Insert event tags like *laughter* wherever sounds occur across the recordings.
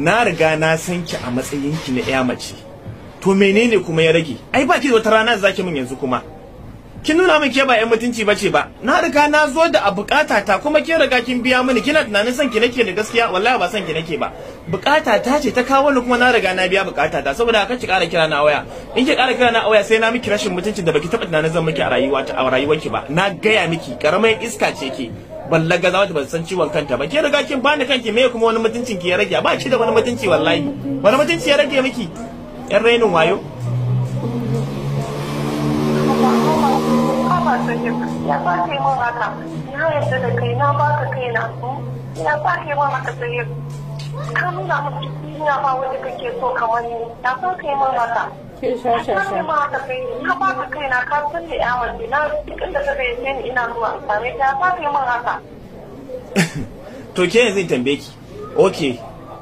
na riga na san ki a matsayin ki na iya mace to menene kuma ya rage ai ba ki da wata rana zaki min yanzu kuma kin nuna min ke ba yan mutunci bace ba na riga na zo da a bukata ta kuma ke riga kin biya mini kina tunanin san ki nake da gaskiya wallahi ba san ki nake ba bukata ta ce ta kawo ni kuma na riga na biya bukata ta saboda haka ki kara kira na waya in ki kara kira na waya sai na miki rashin mutuncin da baki taba tunanin zan miki a rayuwa ta a rayuwarki ba na gaya miki karamar iska ce ke ban za ta ban san ciwon kanta ba ke riga kin bani kanki me kuma wani mutuncin ki ya rage ba ki da wani mutunci wallahi wani mutunci ya rage miki yan rainin wayo ya ba ke mun haka da kai na ba ka kai na ya ba ke mun haka ka nuna mun ina ba wani kake so kamar ni ya ba ke mun haka kin sha sha sha na ba ka kai na ka da na cikin da ni ina zuwa ta yi haka *coughs* to ke yanzu tambaye ki Ok,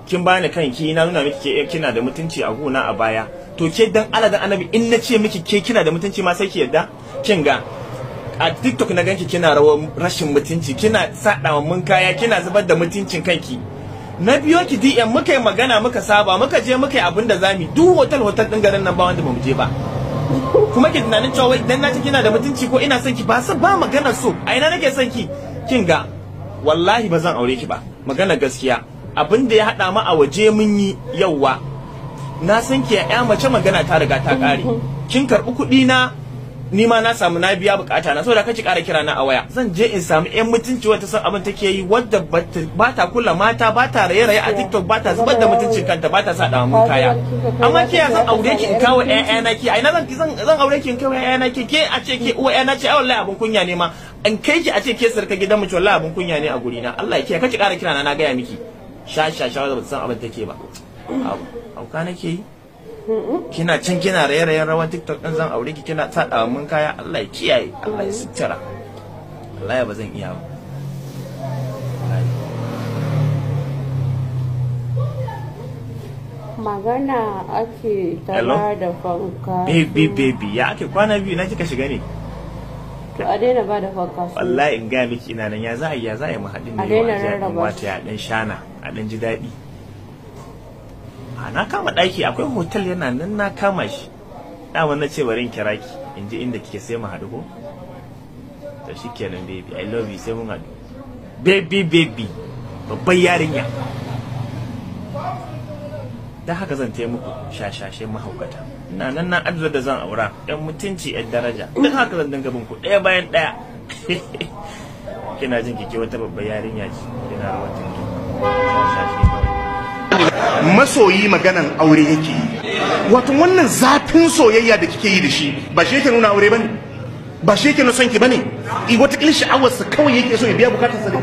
kin bani kanki na nuna miki ke kina da mutunci a gona a baya to ke dan Allah dan annabi in na ce miki ke kina da mutunci ma sai ki yarda kin ga a TikTok na ganki kina rawar rashin mutunci kina sadawa mun kaya kina zubar da mutuncin kanki na biyo ki DM muka yi magana muka saba muka je muka yi abin da zamu duk hotel hotel din garin nan ba wanda mu je ba kuma ki tunanin cewa wai idan na ci kina da mutunci ko ina son ki ba su ba magana so a ina nake son ki kin ga wallahi ba zan aure ki ba magana gaskiya abin da ya hada mu a waje mun yi yauwa na san ki ya mace magana ta riga ta kare kin karbi kudi na ni ma na samu na biya bukata na saboda kace ƙara kira na a waya zan je in samu yan mutunci wata san abin take yi wadda ba ta kula mata ba ta raye raye a TikTok ba ta zubar da mutuncin kanta ba ta sa da mun kaya amma ke zan aure ki in kawo ƴaƴa na ki ai na zan zan aure ki in kawo ƴaƴa na ki ke a ce ke uwa ƴaƴa na ce ai wallahi abin kunya ne ma in kai ki a ce ke sarka gidan mu ce wallahi abin kunya ne a guri na Allah ya kiyaye kace ƙara kira na na gaya miki sha sha sha ba san abin take ba auka nake yi kina can kina raye-rayen rawan tiktok ɗin zan aure ki kina sa mun kaya allah ya kiyaye allah ya sutura allah ba zan iya ba magana ake tara da fanka baby baby ya ake kwana biyu na kika shiga ne to a daina ba da fanka wallahi in ga miki ina nan ya za a yi ya za a yi mu haɗin ne wa a daina rarraba ɗan shana a ɗan ji daɗi a na kama ɗaki akwai hotel yana nan na kama shi dama na ce bari in kira ki in ji inda kike sai mu haɗu ko to shikenan baby i love you sai mun haɗu baby baby babban yarinya da haka zan taya muku shashashe mahaukata ina nan na arzo da zan aura yan mutunci yan daraja dan haka zan dinga binku ɗaya bayan ɗaya *laughs* kina jin kike wata babbar yarinya ce kina rawar masoyi maganan aure yake yi wato wannan zafin soyayya da kike yi da shi ba shi yake nuna aure ba ne ba shi yake na son ki ne i wata kila sha'awarsa kawai yake so ya biya bukatansa da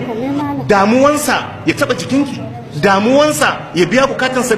damuwansa ya taba jikinki damuwansa ya biya bukatansa da